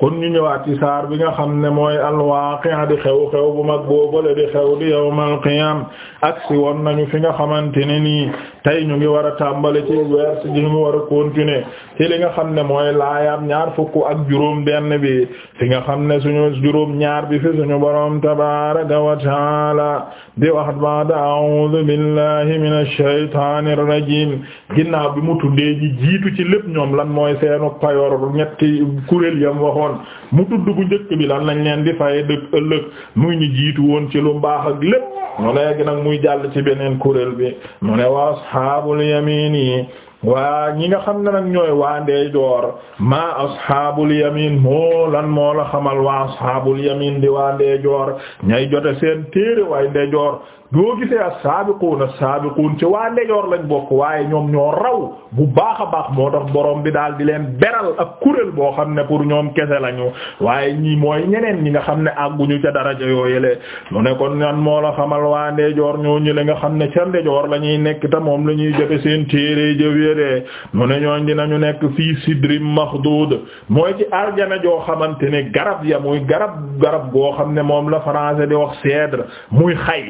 kon ñu ñëwaat ci saar bi nga xam ne mooy alwaaqi'a di xew-xew bu mag boobale di xew di yawmal qiyaam aksi woon nañu fi nga xamante ne nii tey ñu ngi war a tàmbali ci vers ñu ngi war a continuer ci li nga xam ne mooy laayaam ñaar fukk ak juróom benn bi fi nga xam ne suñu juróom bi fi suñu boroom tabaaraka wa taala di wax ba'da a'uudu billahi minash shaytaanir rajiim ginnaaw bi mu tuddee ji jiitu ci lépp ñoom lan mooy seenu payor ñetti kuréel yam waxoon mu tudd bu njëkk bi lan lañ leen di fay dëkk ëllëg muy ñu jiitu woon ci lu mbaax ak lépp mu léegi nag muy jàll ci beneen kuréel bi mu ne waa ashaabul yamiin yi waa ñi nga xam ne nag ñooy waa ndeyjoor maa ashaabul yamin moo lan moo la xamal waa ashaabul yamin di waa ndeyjoor ñay jote seen téere waay ndeyjoor doo gisee as-saabiquun as-saabiquun ci waa ndejoor lañ bokk waaye ñoom ñoo raw bu baax a baax moo tax boroom bi daal di leen beral ak kuréel boo xam ne pour ñoom kese lañu waaye ñii mooy ñeneen ñi nga xam ne àgguñu ca daraja yooyele mu ne kon ñan moo la xamal waa ndejoor ñoo ñi la nga xam ne ca ndejoor la ñuy nekk te moom la ñuy jëfe seen téere jëfee mu ne ñooñ ñu nekk fii sidrim maxduud mooy ci aljana joo xamante ne garab ya muy garab garab goo xam ne moom la français di wax cèdre muy xay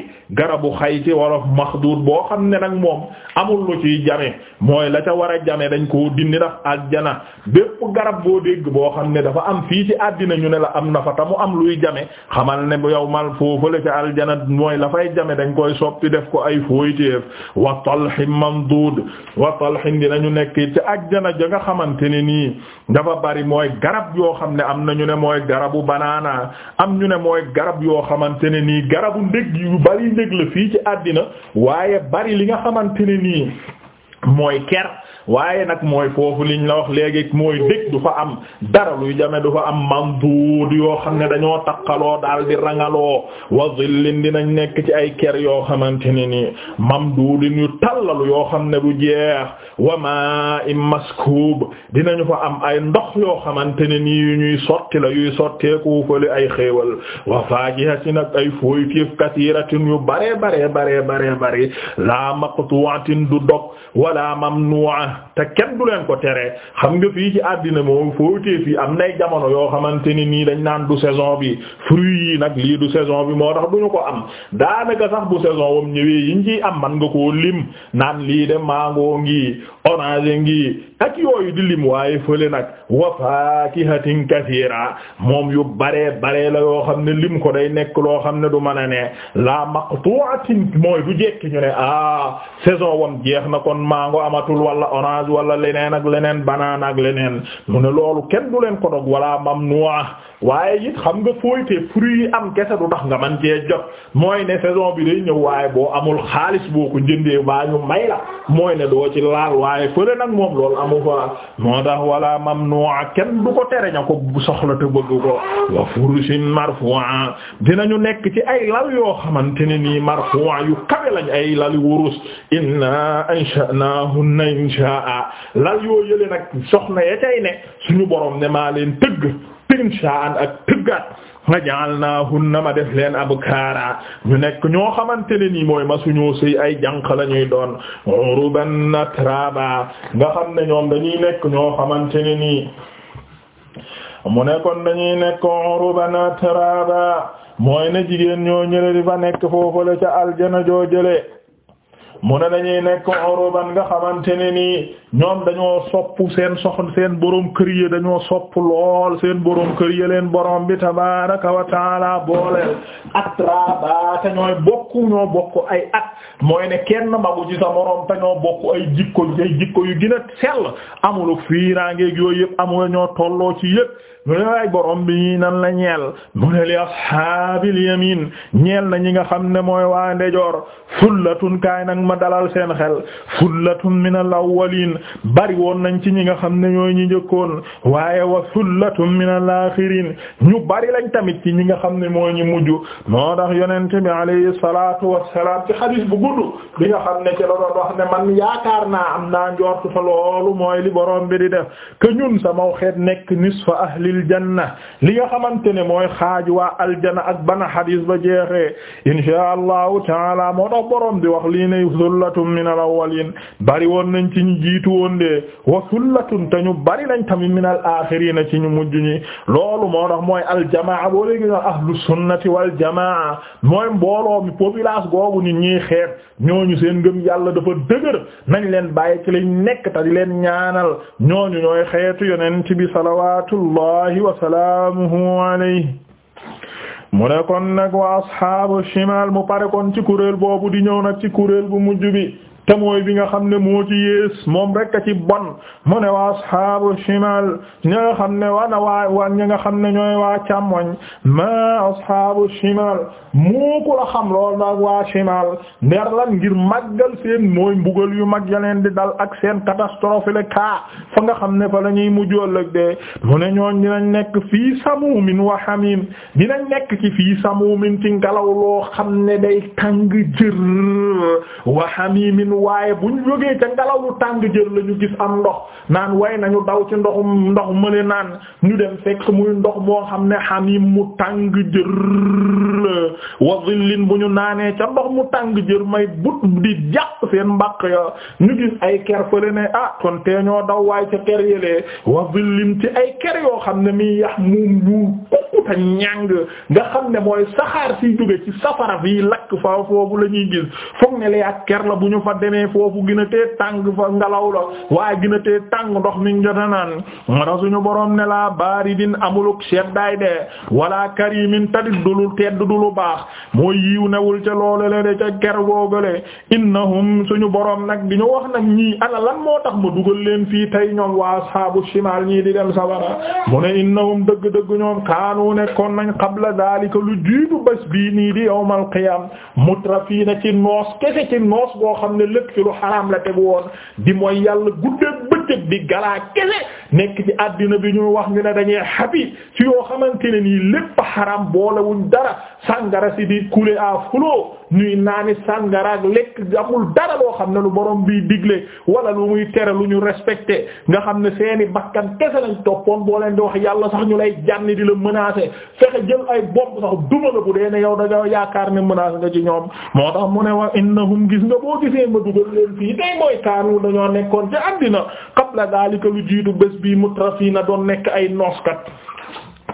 garabu xayti wolof maxduud boo xam ne nag moom amul lu ciy jame mooy la ca war a jame dañ koo dindi ndax aljana bépp garab boo dégg boo xam ne dafa am fii ci àddina ñu ne la am na fa ta mu am luy jame xamal ne bu yow mal foofale ca aljana mooy la fay jame dañ koy soppi def ko ay fooyteef wa talhin mamduud wa talhin ñu nekk ca aljana ja nga xamante ne nii dafa bari mooy garab yoo xam ne am na ñu ne mooy garabu banaana am ñu ne mooy garab yoo xamante la fii ci àddina waaye bari li nga xamante ne nii mooy ker waaye nag mooy foofu liñ la wax léegi mooy dëkk du fa am dara luy jame du fa am manduud yoo xam ne dañoo takkaloo daal di rangaloo wa zillin dinañ nekk ci ay ker yoo xamante ne nii mamduudin yu tallalu yoo xam ne du jeex wa maa'in maskuub dinañu fa am ay ndox yoo xamante ne ni yu ñuy sotti la yuy sotteeku fële ay xéewal wa faakihatin ak ay fooytéef kasiiratin yu bare bare bare bare bare laa maqtu'atin du dog wala mamnu'a te kenn du leen ko tere xam nga fii ci àddina moom fooytéef yi am nay jamono yoo xamante ne nii dañ naan du saison bi fruits yi nag lii du saison bi moo tax duñu ko am daanaka sax bu saison wam ñëwee yiñ ciy am man nga koo lim naan lii de mango ngi orange ngi ak yooyu di lim waaye fële nag wa faakihatin kasiira moom yu baree baree la yoo xam ne lim ko day nekk loo xam ne du mën a ne la maqtu'atin mooy du jekki ñu ne ah saison wam jeex na kon mango amatul wala orange wala leneen ak leneen banane ak leneen mu ne loolu kenn du leen ko dog wala mamnu'a waaye it xam nga fooyte fruit yi am kese du tax nga man cee jot mooy ne saison bi day ñëw waaye boo amul xaalis boo ko jëndee baa ñu may waaye fële nag moom loolu amu fa moo tax wala mamnu'a kenn du ko tere ña ko soxla te bëgg ko wa furushin marfu'a dinañu nekk ci ay lal yoo xamante ne nii marfu'a yu kawe lañ ay lali wurus inna ansha'nahunna insha'a lal yoo yële nag soxna ya cay ne suñu borom ne maa leen tëgg insha'a ak tëggaat wa ja'alnaahunna ma def leen abkaara ñu nekk ñoo xamante ne nii mooy ma suñu sëy ay jànq la ñuy doon uruban atraaba nga xam ne ñoom dañuy nekk ñoo xamante ne nii mu ne dañuy nekk uruban atraaba mooy ne jigéen ñoo ñële di fa nekk foofu la ca aljana joo jële mu ne dañuy nekk uruban nga xamante ne nii ñoom dañoo soppu seen sox seen boroom kër yi dañoo soppu lool seen borom kër yi leen borom bi tabaaraka wa taala boole atraba te ñooy bokku ñoo bokk ay at mooy ne kenn magu ci sa morom te ñoo bokk ay jikko ay jikko yu gën a sell amul fiiraangeeg yooyu yëpp amul ñoo tolloo ci yëpp. mu ne waay borom bi nan la ñeel mu ne li ashaabil yamin ñeel na ñi nga xam ne mooy waa ndejoor fullatun kaay nag ma dalal seen xel fullatun min al awwalin bari woon nañ ci ñi nga xam ne ñooy ñi njëkkoon waaye wa fullatun min al ñu bari lañ tamit ci ñi nga xam ne mooy ñu mujj moo tax yonent bi alayhi salaatu wassalaam ci xadiis bu gudd bi nga xam ne ci la doon wax ne man yaakaar naa am naa njortu fa loolu mooy li borom bi di def que ñun ahlil janna li nga xamante ne mooy xaaj waa aljana ak bana xadis ba jeexee inshaa allahu taala moo tax borom bi wax lii ne sullatun min al awwalin bari woon nañ ci ñu jiitu woon de wa sullatun te ñu bari nañ tamit min al aaxiriina ci ñu mujj ñi loolu moo tax mooy aljamaa boo léegi na ahlu sunnati wal jamaa mooy mbooloo mi populace googu nit ñiy xeet ñooñu seen ngëm yàlla dafa dëgër nañ leen bàyyi lañ nekk te leen ñaanal ñooñu ñooy xeetu yonent bi salawaatullah rahmatullahi wa salaamuhu alayhi mu ne kon nag wa ashaabu shimal mu pare kon ci kuréel boobu di ñëw nag ci kuréel bu mujj bi te mooy bi nga xam ne moo ci yées moom rek a ci bon mu ne waa ashaabu shimal xam ne wana waa nga xam ne ñooy waa càmmoñ ma ashaabu shimal moo ku la xam lool nag waa shimal nder lan ngir màggal seen mooy mbugal yu mag ya di dal ak seen catastrophe le ka fa nga xam ne fa la ñuy mujjool ak de mu ne ñooñ dinañ nekk fii samumin wa hamim dinañ nekk ci fii samumin ci ngelaw loo xam ne day tàng jër wa hamimin génn waaye bu ñu jógee ca ngelaw lu tàng jël la ñu gis am ndox naan way nañu daw ci ndoxum ndox mëne naan ñu dem fekk muy ndox moo xam ne hamim mu tàng jër la wa bu ñu naanee ca ndox mu tàng jër may but di jàpp seen mbaq ya ñu gis ay ker fële ne ah kon tee ñoo daw waaye ca ker yëlee wa zillin ci ay ker yoo xam ne mi yax mu ñu kokkuta ñàng nga xam ne mooy saxaar siy jóge ci safara fii lakk fa foofu la gis foog ne la ak ker la bu ñu fa demee foofu gën a tee tàng fa ngelaw la waaye gën a tee tàng ndox mi jota naan mara suñu borom ne laa baaridin amuluk seddaay de wala karimin tadit du lu tedd du lu baax mooy yiw newul ca loolu le de ca ker googale innahum suñu borom nag di ñu wax nag ñii ana lan moo tax ma dugal leen fii tey ñoom waa saabu shimal ñii di dem sawara mu ne innahum dëgg-dëgg ñoom kaanu nekkoon nañ qabla daalika lu jiitu bés bii nii di yawmal qiyaam mutrafiina ci noos kese lépp ci lu xaraam la tegu woon di mooy yàlla guddee bëccëg di galaa kese nekk ci àddina bi ñu wax ñu ne dañuy xabi ci yoo xamante ne nii lépp xaram boolewuñ dara sàngara si di couler à flot ñuy naani sàngara ak lekk amul dara loo xam ne lu borom bii digle wala lu muy tere lu ñu respecté nga xam ne seeni bakkan kese lañ toppoon boo leen di wax yàlla sax ñu lay jànni di la menacer fexe jël ay bomb sax duma la bu dee ne yow da yaakaar ne menace nga ci ñoom moo tax mu ne wa innahum gis nga boo gisee ma dugal leen nekkoon ci àddina qabla daalika lu jiitu bés bii mutrafiina doon nekk ay nooskat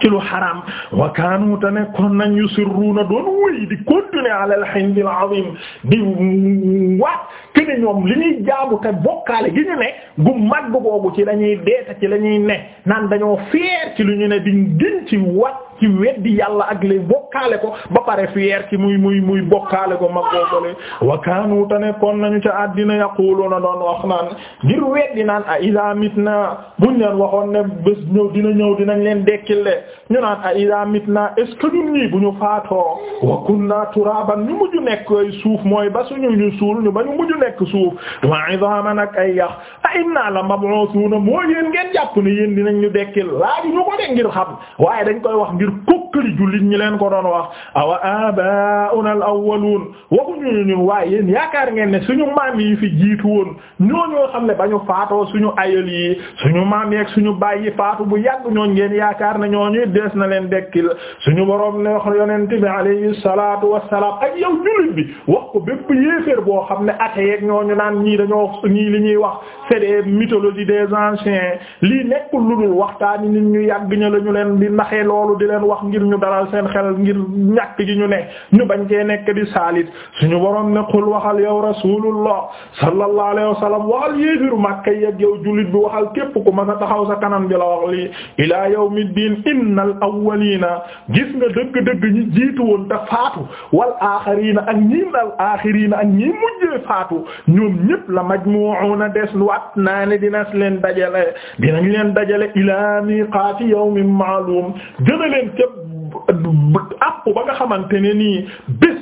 ci lu xaraam wa kaanu te nekkoon nañ yusirruuna doon wéy di continuer ala al-hindi al-azim di waat ki ne ñoom li ñuy jaamu te bokkaale gi ñu ne gu mag boobu ci lañuy deeta ci lañuy ne naan dañoo fier ci lu ñu ne di gën ci wat ci weddi yàlla ak lay bokkaale ko ba pare fier ci muy muy muy bokkaale ko mag boobale wa kaanu te nekkoon nañu ca àddina yaquluuna doon wax naan ngir weddi naan a idaa mitna buñ leen waxoon ne bés ñëw dina ñëw dinañ leen dekkil de ñu naan a idaa mitna est-ce que bu ñu faatoo wa kunna ñu mujj nekk suuf mooy nekk suuf wa idaman ak ay yax a inna la mab'uthuna moo yéen ngeen jàpp ne yéen dinañ ñu dekkil laaju ñu ko de ngir xam waaye dañ koy wax ngir kokkali jullit ñi leen ko doon wax awa abauna al awwalun ñu ñun waaye yéen yaakaar ngeen ne suñu maam yi fi jiitu woon ñooñoo xam ne ba ñu faatoo suñu ayal yi ñu maam yeeg suñu baay yi faatu bu yàgg ñooñ ngeen yaakaar na ñooñu dees na leen dekkil ñu borom ne wax yonent bi alayhi salatu wassalam yeeg ñu naan ñii dañoo nii li ñuy wax c'est des mythologies des anciens lii nekkul lu dul waxtaan nit ñu yàgg ña la ñu leen di naxee loolu di leen wax ngir ñu dalal seen xel ngir ñàkk gi ñu ne ñu bañ kee nekk di saalit suñu borom ne xul waxal yow rasulullah sallallahu alayhi wa sallam waxal yéefiru Makka yeeg yow jullit bi waxal képp ku ma sa taxaw sa kanam bi la wax lii ilaa yawmiddin innal awwalina gis nga dëgg-dëgg ñi jiitu woon te faatu wal axirina ak ñi al ak ñi kafaru ñoom ñépp la majmu'una des wat naa di dinas leen dajale dinañ leen dajale ila miqaati yawmin ma'lum jëna leen ca àpp ba nga xamante ne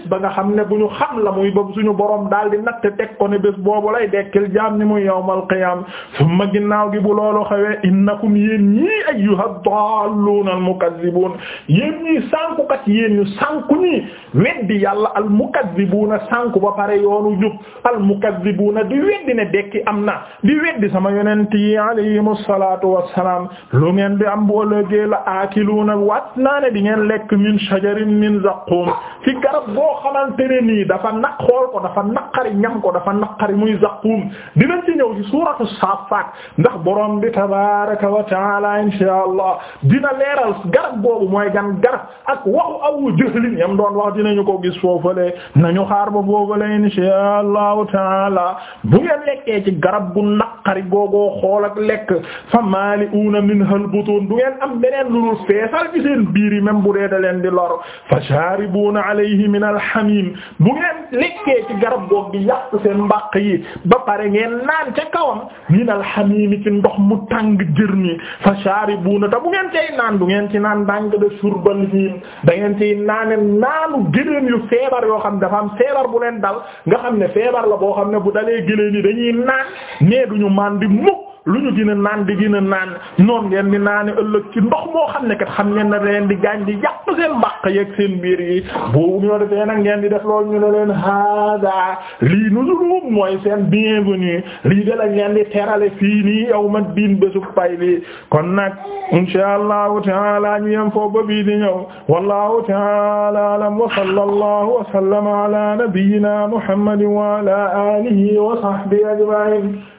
bis ba nga xam ne bu ñu xam la muy ba suñu borom daal di natt teg ko ne bés boobu lay dekkil jaam ni muy yawmal qiyaam summa ginnaaw gi bu loolu xewee innakum yéen ñii ayyuha daalluuna al mukazzibuun yéen ñii sànkukat yéen ñu sànku ñii weddi yàlla al mukazzibuuna sànku ba pare yoonu jub al mukazzibuuna di weddi ne dekki am na di weddi sama yonent yi alayhimu salaatu wassalaam lu ngeen di am boo léegi la aakiluuna wat naa ne di ngeen lekk min shajarin min loo xamante ne nii dafa naq xool ko dafa naqari ñam ko dafa naqari muy zaqum dinañ ci ñëw ci suuratu saafaat ndax borom bi tabaaraka wa taala insha allah dina leeral garab googu mooy gan garab ak waxu awu jëhlin yam doon wax dinañu ko gis foofale nañu xaar ba foofale insha allahu taala bu ngeen lekkee ci garab bu naqari googoo xool ak lekk fa maali'uuna minhal butuun du ngeen am beneen lu feesal ci seen biir yi même bu dee da leen di lor fa shaaribuuna alayhi minal hamim bu ngeen lekkee ci garab goog bi yàq seen mbàq yi ba pare ngeen naan ca kawam min al hamim ci ndox mu tàng jër mi fa sharibuna te bu ngeen cay naan du ngeen ci naan dàng de surbal hiim da ngeen ciy naane naanu gëléen yu feebar yoo xam dafa am feebar bu leen dal nga xam ne feebar la boo xam ne bu dalee gëléen yi dañuy naan mais duñu màndi mukk lu ñu gën a naan di gën a naan noon ngeen di naane ci ndox moo xam ne kat xam ngeen na leen di gaañ di yàq seen mbaq yeeg seen biir yi boo ñu defee nag ngeen di def loolu ñu ne leen hada lii nuzulum mooy seen bienvenue lii de lañ leen di terale fii nii yawma diin bésu pay bi kon nag insha allahu taala ñu yem foofu ba bii di ñëw wallahu taala alam wa sallallahu wa sallama ala nabiyyina muhammadin wa ala alihi wa sahbihi ajma'in